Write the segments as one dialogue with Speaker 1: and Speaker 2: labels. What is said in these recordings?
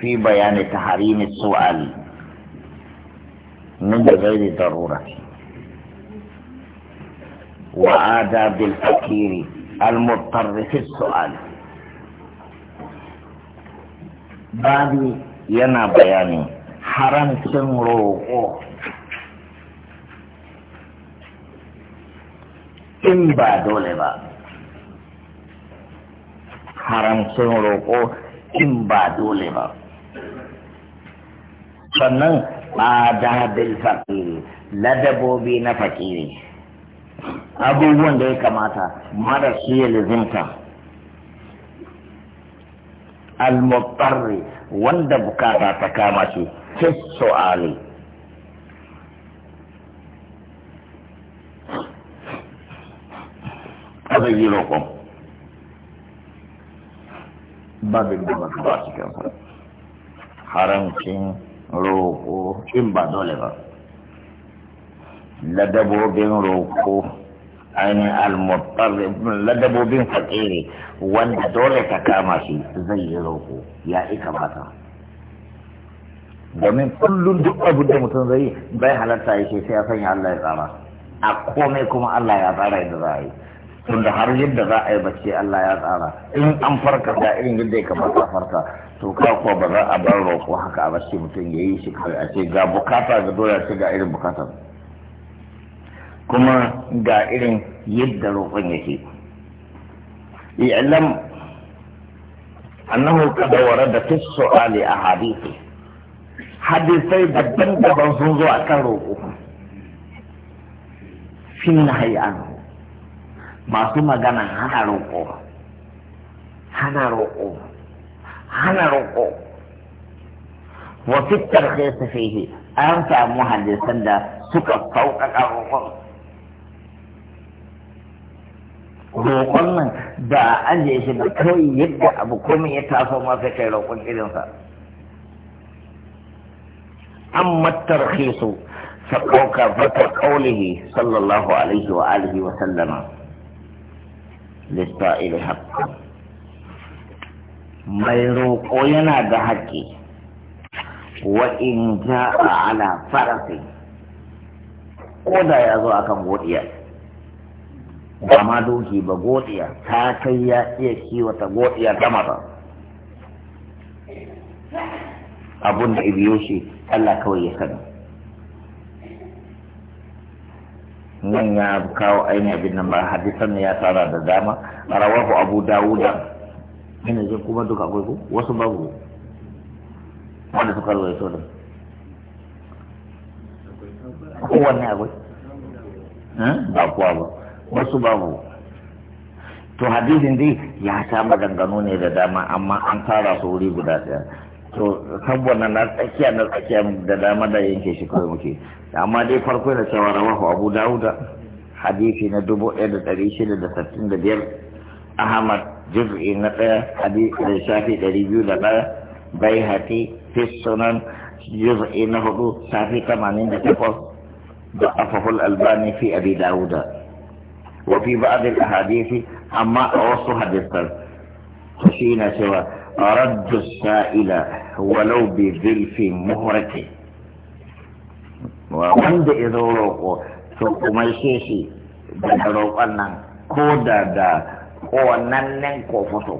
Speaker 1: في بيان تحريم السؤال من غير ضرورة وعاد الفقير المضطر في السؤال بعد ينا بياني حرم سن إن بعد لبا حرم سن إن بعد لبا sannan adadil fakiri ladabobi na fakiri abubuwan da ya kamata mara shi ya lizinta almubarri wanda bukata ta kama shi fi su'ali da yi roƙon babin da ba su ba cikin haramcin roƙo in ba dole ba ladabobin roƙo ainihin almuttari ladabobin fakiri wanda dole ta kama shi zai yi roƙo ya ika mata domin kullum duk abu da mutum zai bai halarta ya sai ya sanya Allah ya tsara a komai kuma Allah ya tsara yadda za a yi tunda har yadda za a yi bacci Allah ya tsara in an farka da irin yadda ya kamata farka to ka ko ba za a bar roƙo haka a bacci mutum ya yi shi kawai a ce ga bukata ga doya ce ga irin bukata kuma ga irin yadda roƙon yake i'lam annahu qad warada fi su'ali ahadithi hadisai daban-daban sun zo akan roƙo fi nahyi masu magana hana roƙo hana roƙo hana roƙo wasu ƙarfe su fihi an samu hadisan da suka sauƙaƙa roƙon roƙon nan da an je shi da kawai yadda abu komai ya taso masa kai roƙon irinsa amma tarhisu فقوك فتى sallallahu alaihi wa alihi wa sallama lissa'il haqqun mai roƙo yana da haƙƙi wa in ja a ala farafi ko da ya zo akan godiya ba ma doki ba godiya ta kai ya iya kiwata godiya ta mata abun da Allah kawai ya sani nan ya kawo ainihin abin nan ba hadisan ya tara da dama rawahu abu dawuda ina jin kuma duka akwai ku wasu babu wanda suka rawaito da kowanne akwai eh? ba kuwa ba wasu babu to hadisin dai ya sha maganganu ne da dama amma an tara su wuri guda daya to saboda na tsakiya na tsakiya da dama da yanke shi kawai muke amma dai farko da cewa rawahu abu dawuda hadisi na dubu ɗaya da ɗari shida da sittin da biyar ahmad juz'i na ɗaya hadisi da shafi ɗari biyu da ɗaya bai hati fi sunan juz'i na hudu shafi tamanin da takwas da afahul albani fi abi dawuda وفي بعض الأحاديث أما أوصى حديثا خشينا سوى رد السائل walau bi zilfi muhrati wanda ya zo roƙo to kuma shi shi daga roƙon nan ko da da ko ko ƙonannen Ko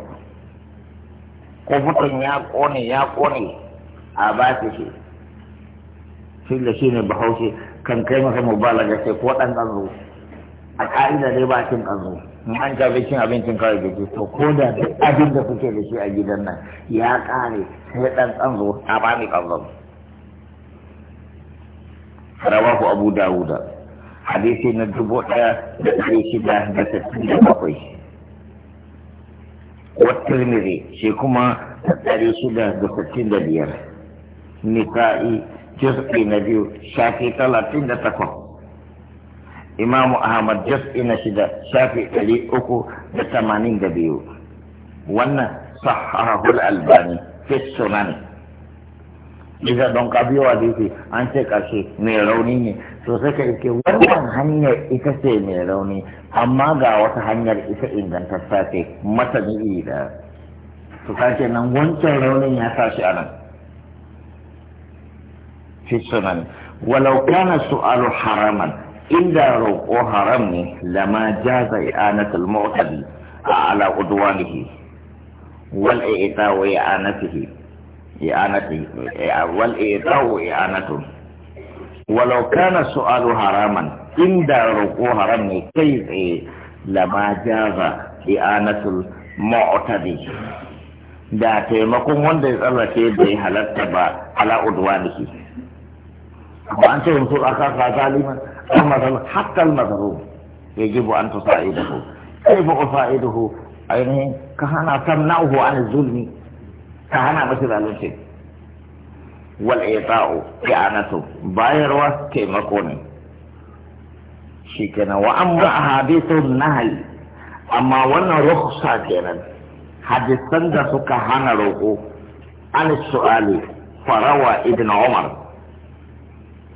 Speaker 1: kofoton ya ƙone ya ƙone a ba su shi shi da shi ne bahaushe kan kai masa mubalaga sai ko ɗan ɗanzo a ƙa'ida dai ba cin ɗanzo in an zaɓe cin abincin kawai da ke to ko da duk abin da kuke da shi a gidan nan ya kare sai ɗan ɗan zo a ba ni ƙallon rawahu abu dawuda hadisi na dubo ɗaya da ɗari shida da sittin da bakwai wattar mire shi kuma da ɗari shida da sittin da biyar Ni nisa'i jirɗi na biyu shafi talatin da takwas imamu ahmad Jos ina shida shafi ɗari uku da tamanin da biyu wannan sahahul albani fi sunani Iza don ka a wa an ce karshe mai rauni ne to sai ka iske wannan hanyar ita ce mai rauni amma ga wata hanyar ita ingantacce ce mata ni da to kace nan wancan raunin ya tashi a nan fi sunan walau kana su'alu haraman inda roƙo haram ne lama jaza i'anatul mu'tadi ala udwanihi wal i'ta'u i'anatihi i'anatihi wal i'ta'u i'anatu walau kana su'alu haraman inda roƙo haram ne kai tsaye lama jaza i'anatul mu'tadi da taimakon wanda ya tsallake bai halatta ba ala udwanihi وأن تنصر أخاك ظالما المظلوم حتى المظلوم يجب أن تساعده كيف أساعده؟ أينه كهنا تمنعه عن الظلم كهنا مثل الشيء والإعطاء إعانته بايروة تيمكوني شيكنا وأما أحاديث النهي أما وانا رخصة حديث حديثا كهنا روحه عن السؤال فروى ابن عمر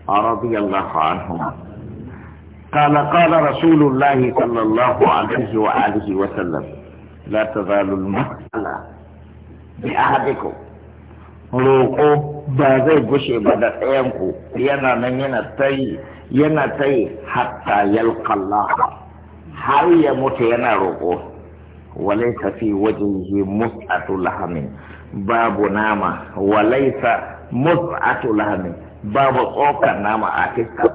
Speaker 1: رضي الله عنهما قال قال رسول الله صلى الله عليه وآله وسلم لا تزال المسألة بأحدكم روكو بازي بشي بدا تيمكو ينا نمينا تي ينا تي حتى يلقى الله هل يموت ينا روكو وليس في وجهه مسعة لحم باب نامة وليس مسعة لحم babu tsokar nama a fiska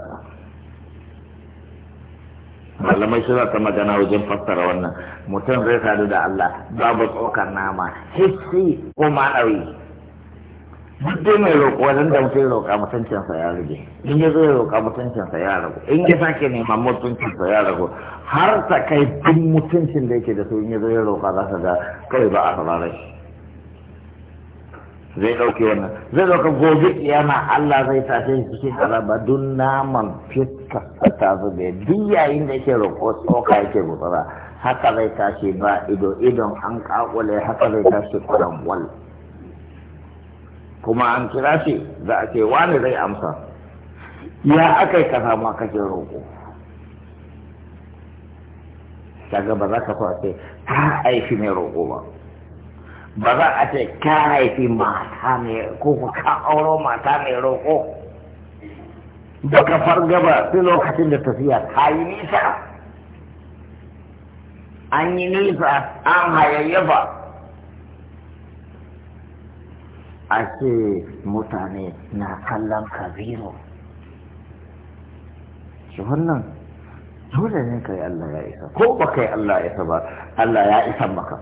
Speaker 1: malamai suna ta magana wajen fassara wannan mutum zai sadu da Allah babu tsokar nama hissi ko ma'awi duk dai mai roƙo wajen da mutum roƙa mutuncinsa ya rage in ya zo ya roƙa mutuncinsa ya rago. in ya sake neman mutuncinsa ya rago. har ta kai duk mutuncin da yake da su in ya zo ya roƙa za ka ga kawai ba a saurare shi zai ɗauke wannan zai ɗauka gobe kiyama Allah zai shi cikin azaba dun naman fiska ta zube duk yayin da yake roƙo tsoka yake gutsura haka zai tashi ba ido idon an kakule haka zai tashi kuran wal kuma an kira shi za a ce wani zai amsa ya aka yi ka samu kake roƙo kaga ba za ka so a ce ta aishi mai roƙo ba ba za a ce ka haifi mata mai ko ka auro mata mai roƙo ba ka farga ba sai lokacin da tafiya ta yi nisa an yi nisa an hayayyafa a ce mutane na kallon kabiru shi wannan dole ne ka yi Allah ya isa ko ba ka yi Allah ya isa ba Allah ya isa maka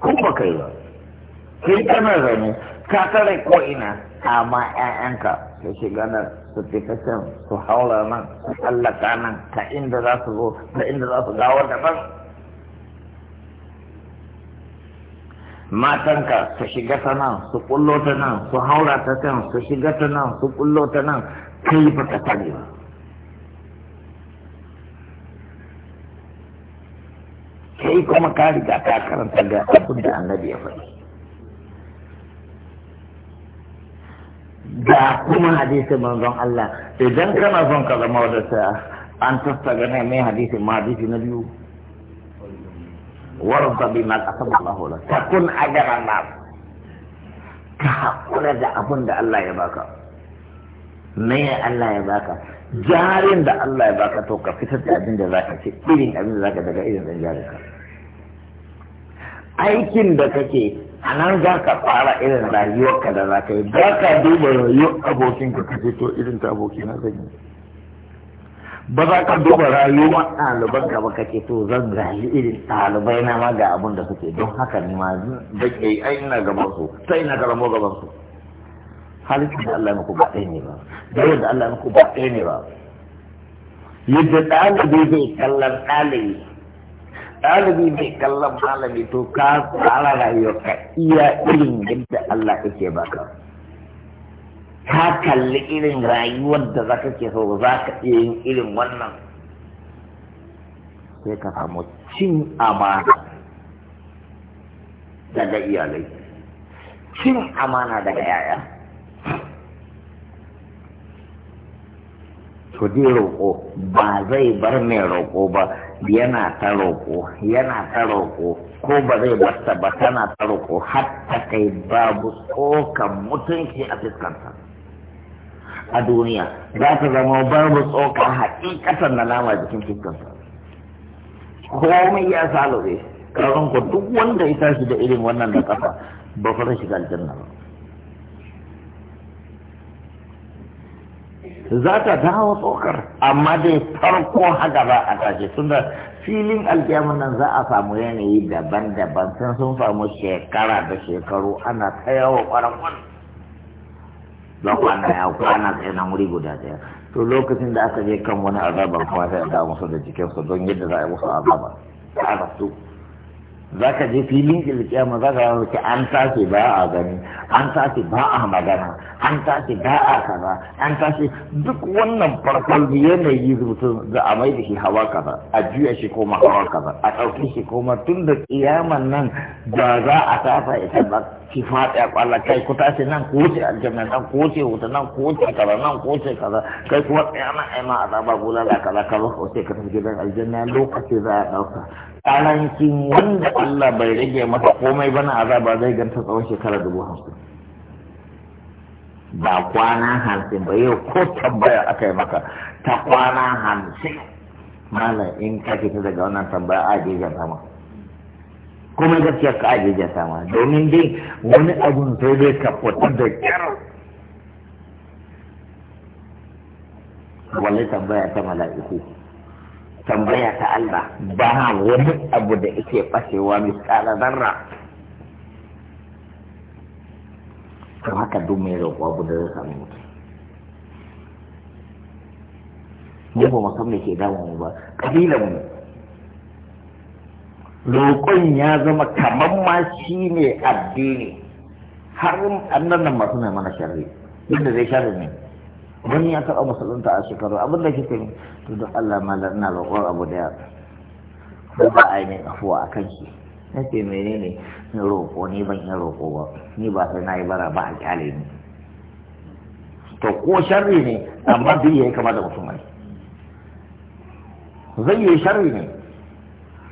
Speaker 1: kun ba kai ba kai kana zaune ka tare ko ina amma ƴaƴanka su shiga nan su fita can su haura nan su tsallaka nan ta inda za su zo ka inda za su dawo daban matanka su shiga ta nan su kullo ta nan su haura ta can su shiga ta nan su kullo ta nan kai ba ka tare ba kai kuma ka riga ka karanta ga abin da annabi ya faɗi ga kuma hadisin manzon Allah idan kana son ka zama wadata an tattaga ne mai hadisin ma hadisi na biyu warda bi ma asaba Allah la takun ajara nas ka hakura da abin da Allah ya baka me Allah ya baka jarin da Allah ya baka to ka fitar da abin da zaka ci irin abin da zaka daga irin jarin ka aikin da kake a nan za ka fara irin rayuwarka da za ka yi za ka duba rayuwar abokin ka kaje to irin ta abokina zan yi ba za ka duba rayuwar ɗaliban ka ba kake to zan rayu irin ɗalibai na ma ga abin da suke don haka ne ma da ke ai ina gaban su sai ina karamo gaban su halittu da Allah muku ba ɗaya ne ba dawar da Allah muku ba ɗaya ne ba yadda ɗalibi zai kallon ɗalibi ɗalibi mai kallon malami to ka tsara rayuwarka iya irin yadda Allah yake baka ka kalli irin rayuwar da za ka ke so za ka iya yin irin wannan sai ka samu cin amana daga iyalai cin amana daga yaya to dai roƙo ba zai bar mai roƙo ba yana ta roƙo yana ta roƙo ko ba zai basta ba tana ta roƙo hatta kai babu tsokan mutunci a fiskanta a duniya za ta zama babu tsokan haƙiƙatan na nama jikin fiskanta komai ya sa karon ku duk wanda ya tashi da irin wannan da kafa ba fara shiga aljanna ba za ta dawo tsokar amma dai farko haka ba a tashi tunda filin alkiyamun nan za a samu yanayi daban-daban sun sun samu shekara da shekaru ana ta yawa kwarakwan za ku ana ya kwana tsaye na wuri guda daya to lokacin da aka je kan wani azaban kuma sai a da musu da jikinsu don yadda za a yi musu azaba ta rasu. za ka je filin ilkiyama za ka yi wuce an tashi ba a gani an tashi ba a magana an tashi ba a kaza an tashi duk wannan farkon yanayi mutum da a mai da shi hawa kaza a juya shi koma hawa kaza a ɗauki shi koma tun da kiyaman nan ba za a tafa ita ba ki faɗi a ƙwallon kai ku tashi nan ku wuce aljanna nan ko ce wuta nan ko ce kaza nan ko ce kaza kai kuma tsaya nan ai ma a zaba gula da kaza kaza ko ce ka tafi gidan aljanna lokaci za a ɗauka ƙarancin wanda Allah bai rage mata komai bana azaba zai ganta tsawon shekara dubu hamsin ba kwana hamsin ba yau ko tambaya aka yi maka ta kwana hamsin malam in ka fita daga wannan tambaya a gegen sama kuma gaskiya ka ajeje sama domin dai wani abun sai dai ka fita da kyar wallahi tambaya ta mala'iku tambaya ta Allah ba wani abu da yake fashewa misala zarra to haka duk mai roƙo abu da zai samu mutu. mu ba mu san me ke damu mu ba kabilan mu roƙon ya zama kamar ma shine addini har annan nan masu na mana sharri duk da zai sharri ne wani ya taɓa musulunta a shekaru abin da kike yi to duk Allah malar na roƙon abu da ya ko ba a yi afuwa a kan shi na ce mene ne ni roƙo ni ban yi roƙo ba ni ba sai na yi bara ba a kyale ni to ko sharri ne amma bi ya yi kama da mutum ne zai yi sharri ne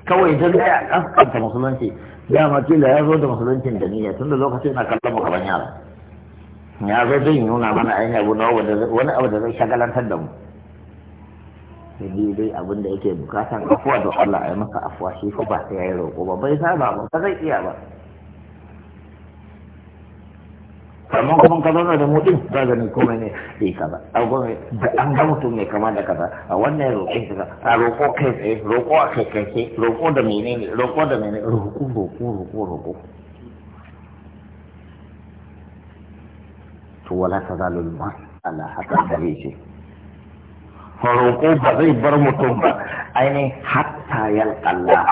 Speaker 1: kawai don da ya kaskanta musulunci dama kila ya zo da musuluncin da niyya tun da lokacin na kallon mu kaban yara ya zo zai nuna mana ainihin abu na wani abu da zai shagalantar da mu sai dai abin da yake bukatan afuwa da Allah a maka afuwa shi fa ba sai ya yi roƙo ba bai saba ba ba zai iya ba amma kuma ka zauna da mutum ba gani komai ne sai kaza an da an ga mutum mai kama da kaza a wannan roƙo kaza a roƙo kai tsaye roƙo a kai kai roƙo da menene roƙo da menene roƙo roƙo roƙo roƙo to wala ta zalul mas'ala haka da ce roƙo ba zai bar mutum ba ainihin hatta allah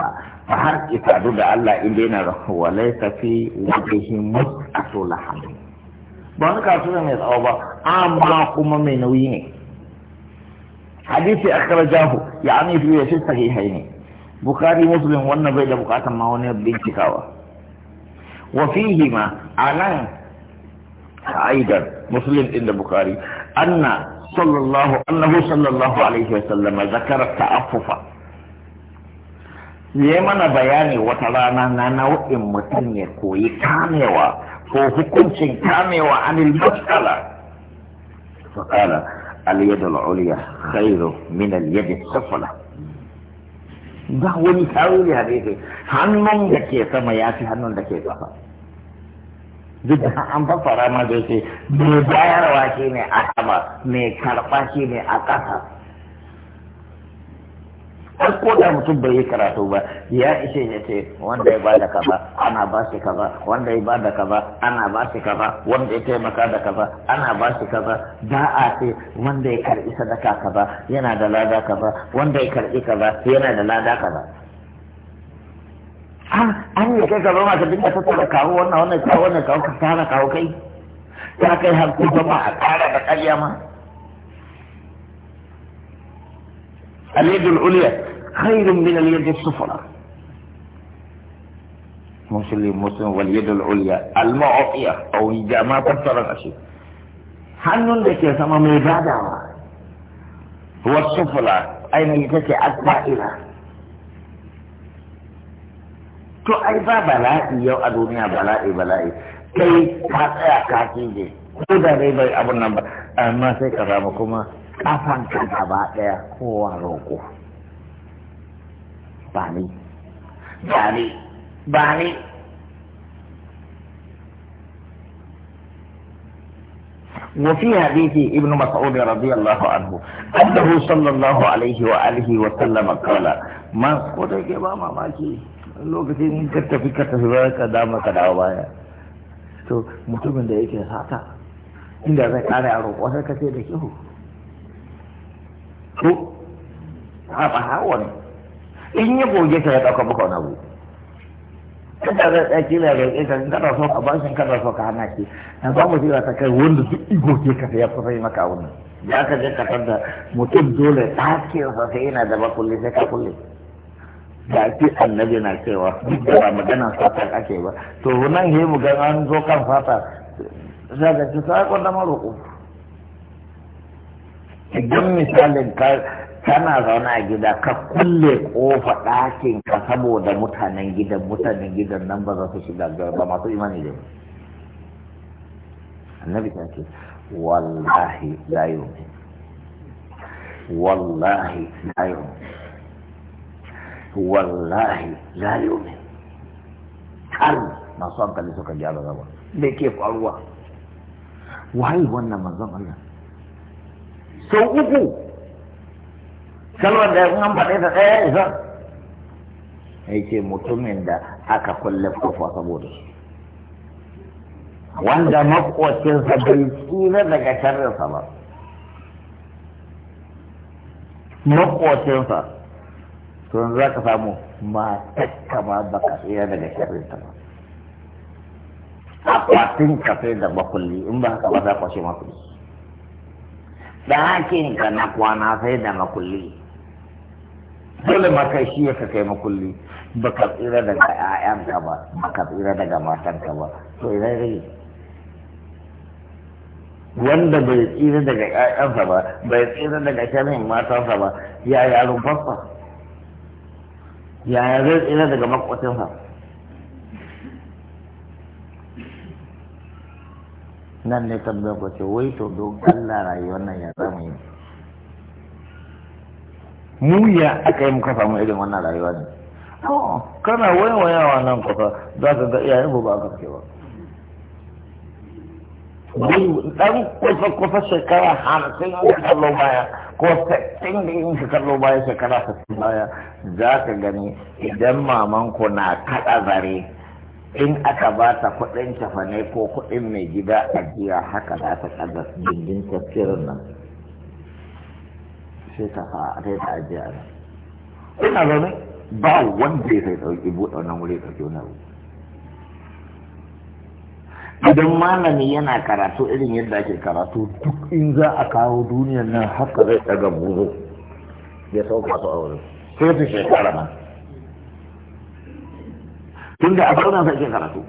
Speaker 1: ba har ki sadu da Allah in daina rahu wa laisa fi wajhihi mus'atu laham ba wani kasuwa mai tsawo ba amma kuma mai nauyi ne hadisi akhrajahu yani fi yashi sahihaini bukhari muslim wannan bai da bukatan ma wani bincikawa wa fihi ma anan أيضا مسلم إلا البخاري أن صلى الله أنه صلى الله عليه وسلم ذكر التعفف يمنى بياني وترانا نانو إمتن يكوي كاميوا فوفكم شن كاميوا عن المشكلة فقال اليد العليا خير من اليد السفلة ba wani tsaro ne a daidai hannun da ke sama ya fi hannun da duk da an fara ma da mai bayarwa shi ne a sama mai karɓa shi ne a ƙasa har ko da mutum bai yi karatu ba ya ishe ya ce wanda ya bada kaba ana ba shi ba wanda ya bada kaza ana ba shi kaza wanda ya taimaka da kaba ana ba shi kaza da a ce wanda ya karɓi sadaka ba yana da lada kaza wanda ya karɓi kaza yana da lada kaza an yi kai ka zama ka dinga tattara kawo wannan wannan kawo wannan kawo ka tara kawo kai ta kai har ku zama a tsara da ƙarya ma aliyadul uliya khairun min aliyadul sufura muslim muslim wal yadul uliya al ma'afiya aw jama'a fassara shi hannun da ke sama mai badawa wa sufura ainihin ita ce asba'ila to ai ba bala'i yau a duniya bala'i bala'i kai ka tsaya ka cije ko da dai bai abun nan ba amma sai ka zama kuma kafan ka gaba daya kowa roƙo ba ni ba ni ba ni وفي حديث ابن مسعود رضي الله عنه أنه صلى الله عليه وآله وسلم قال ما قد جبا ما ماكي lokacin ka tafi ka tafi ba ka dama ka dawo baya to mutumin da yake sata inda zai kare a roƙo sai ka ce da kihu oh. ko a ba hawa ne in yi goge ka ya ɗauka maka wani abu kada zai ɗaya kila ga ya kan kada so a bashin kada so ka hana shi na ba mu jira ta kai wanda duk goge ka ya kusa sai maka wannan ya ka je ka da mutum dole ɗakinsa sai yana da bakulli sai ka kulle da ake annabi na cewa duk da ba magana fata ake ba to nan yi mu gan an zo kan fata zaga ci sa ko da maroko idan misalin ka kana zaune a gida ka kulle kofa ɗakin ka saboda mutanen gidan mutanen gidan nan ba za su shiga ba masu imani da annabi ta ce wallahi la yu'min wallahi la yu'min wallahi la yumin har masu hankali suka gyara zama me ke faruwa wai wannan manzon Allah sau uku kalmar da an faɗe ta ɗaya isa ya ce mutumin da aka kulle kofa saboda shi wanda makocinsa bai tsira daga sharrinsa ba makocinsa to yanzu za ka samu matakka ma ba ka tsira daga sharrin ta ba akwatin ka sai da makulli in ba haka ba za kwashe makulli ɗakin ka na kwana sai da makulli dole kai shi ya kai makulli ba ka tsira daga 'ya'yanka ba ba ka tsira daga matanka ba to idan rage wanda bai tsira daga 'ya'yansa ba bai tsira daga shirin matansa ba ya yaron fasfa yaya zai tsira daga makwatinsa nan ne tambayar ku ce wai to don Allah rayuwar nan ya zama yi mu ya aka yi muka samu irin wannan rayuwa ne oh, kana waiwayawa nan kusa za ka ga iyayen ku ba ka ce ba dan kwafa-kwafa shekara hamsin da kallo baya ko sattin da in ka kallo baya shekara sattin baya za ka gani idan mamanku na kaɗa zare in aka ba ta kuɗin tafane ko kuɗin mai gida ajiya haka za ta kaɗa dindin tafsirin nan sai ta fa sai ta ajiya ina zaune ba wanda ya sai ɗauki buɗe wannan wuri ɗauki wani abu idan malami yana karatu irin yadda ake karatu duk in za a kawo duniyar nan haka zai daga buru ya sauka su a wurin sai su shekara ma tun da a farnan sa ke karatu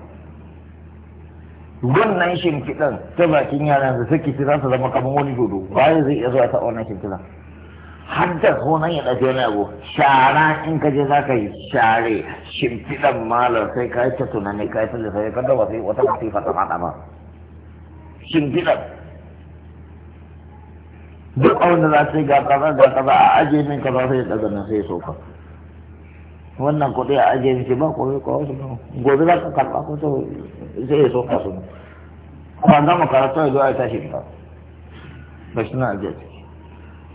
Speaker 1: wannan shimfiɗan ta bakin yaran su suke ci za su zama kamar wani dodo bayan zai iya zuwa ta wannan shimfiɗan har da sunan ya ɗafe wani abu shara in ka je za ka yi share shimfiɗan malar sai ka yi ta tunani ka yi ta lissafi ka da wasu wata yi fata fata ba shimfiɗan duk abin za su yi ga kaza ga kaza a ajiye min za sai yi ɗaga nan sai ya ka wannan kuɗi a ajiye min ce ba ko ko wasu ba gobe za ka karɓa ko to sai ya ka su ba za mu karatu ya zo a tashi ba ba shi na ajiye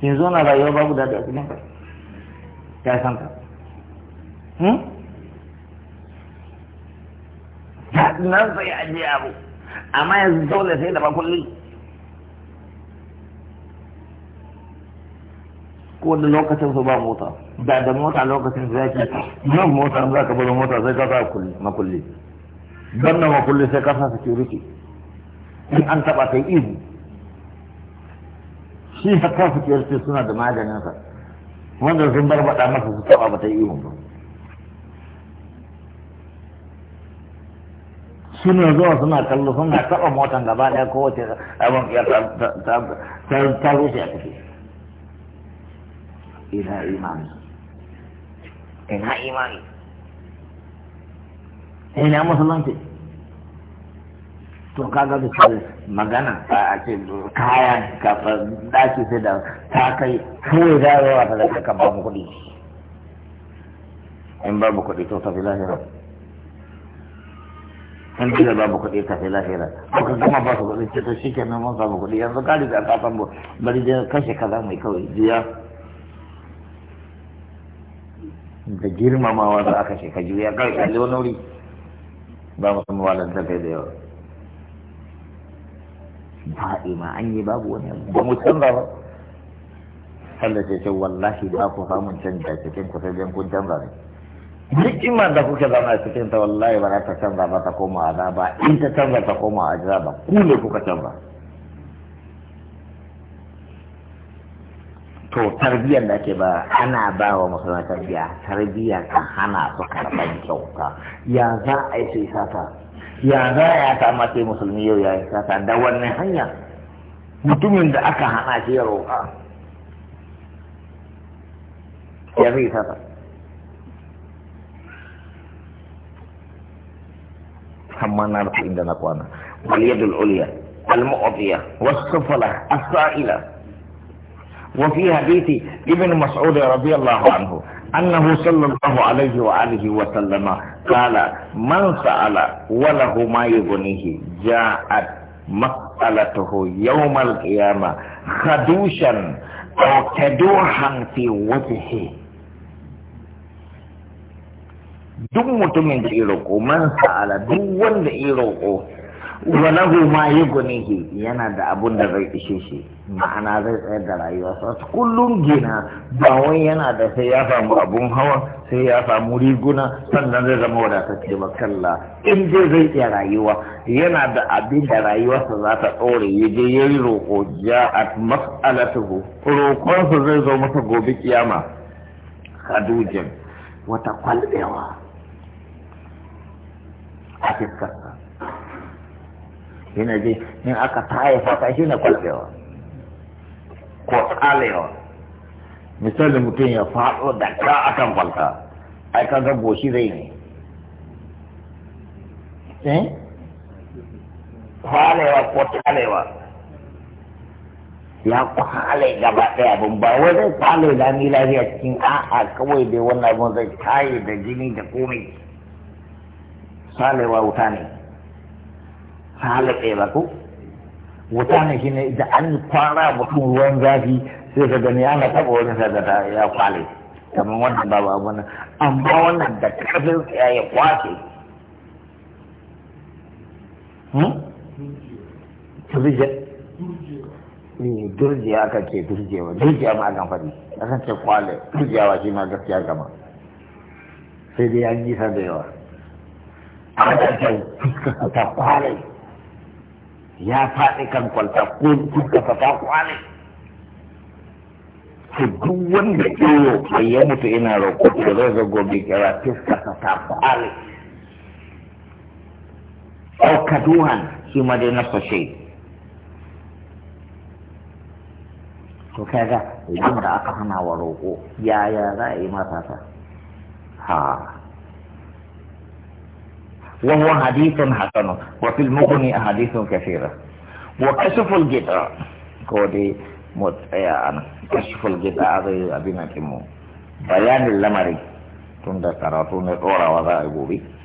Speaker 1: yanzu ana rayuwa babu daɗi a cikin ya san ka hmm? nan sai a je abu amma yanzu dole sai da bakulli ko da lokacin su ba mota da da mota lokacin su zaki yau mota za ka bada mota sai ka sa makulli don na makulli sai ka sa security in an taba kai ihu shi ya kafa kiyarce suna da maganinsa wanda sun bar baɗa masa su taɓa ba ta yi ba suna zuwa suna kallo suna taɓa motan gaba ɗaya kowace abin ya ta rushe a tafi ina imani ina imani ina musulunci to kaga cewa magana ba a ce kaya kafa daki sai da ta kai kai da rawa ta zaka kan bamu kudi in babu kudi to ta tafi lahira in bila babu ta tafi lahira ko ka gama ba su kuɗi ce to shi kenan mun samu kudi yanzu ka da ka san bari da kashe kaza mai kawai jiya da girmamawa da aka shekaru ya kai kalli wani wuri ba mu san walar da kai da yawa baɗi ma an yi babu wani ba mu canza ba Allah ce ce wallahi ba ku samun canza cikin ku sai kun canza ne iman da kuke zama a cikin ta wallahi ba za ta canza ba ta koma azaba in ta canza ta koma ba ku ne kuka canza to tarbiyyar da ake ba ana ba wa musulman tarbiyya tarbiyyar kan hana su karɓar kyauta ya za a yi su isa ta ya za ya kama sai musulmi yau ya yi sata da wannan hanya mutumin da aka hana shi ya roƙa ya zai sata amma na rufe inda na kwana waliyadul uliya المعطية والسفلة السائلة وفي حديث ابن مسعود رضي الله عنه أنه صلى الله عليه وآله وسلم قال من سأل وله ما يغنيه جاءت مسألته يوم القيامة خدوشا أو كدوحا في وجهه duk mutumin da ya roƙo man sa'ala duk wanda ya walahu lahu ma yughnihi yana da abun da zai ishe shi ma'ana zai tsayar da rayuwa sa kullum gina ba wai yana da sai ya samu abun hawa sai ya samu riguna sannan zai zama wadatacce ba kalla in dai zai iya rayuwa yana da abin da rayuwarsa za ta tsore ya je ya yi roƙo a mas'alatuhu roƙonsa zai zo masa gobe kiyama hadujin wata kwalbewa a fiskarsa shi ne je in aka taya fata shi ne kwalbewa ko tsalewa misali mutum ya faɗo da ka akan kwalta ai ka ga boshi zai ne eh? kwalewa ko talewa ya kwale gaba ɗaya abin ba wai zai kwale da ni lafiya cikin a'a kawai dai wannan abin zai taye da jini da komai salewa wuta ne halaka ya ko wuta ne ne da an fara mutum ruwan zafi sai ka gani ana taba wani sadata ya kwale kamar wannan ba abu nan amma wannan da kafin ya ya kwace durjiya aka ce durjewa durjiya ma akan faɗi akan ce kwale durjiyawa shi ma gaskiya gama sai dai an sa da yawa a ta kwale ya faɗi kan kwalta ko duka fata kwane to duk wanda iyo bai ya mutu ina roƙo da zai zo gobe kira fiska fata kwane au kaduhan shi ma dai na shi to kaga idan da aka hana wa roƙo yaya za a yi masa ta ha وهو حديث حسن وفي المغني أحاديث كثيرة وكشف الجدع كودي موت يا أنا كشف الجدع هذا أبينا كمو بيان اللمري تندى كراتون الأورا أبو بي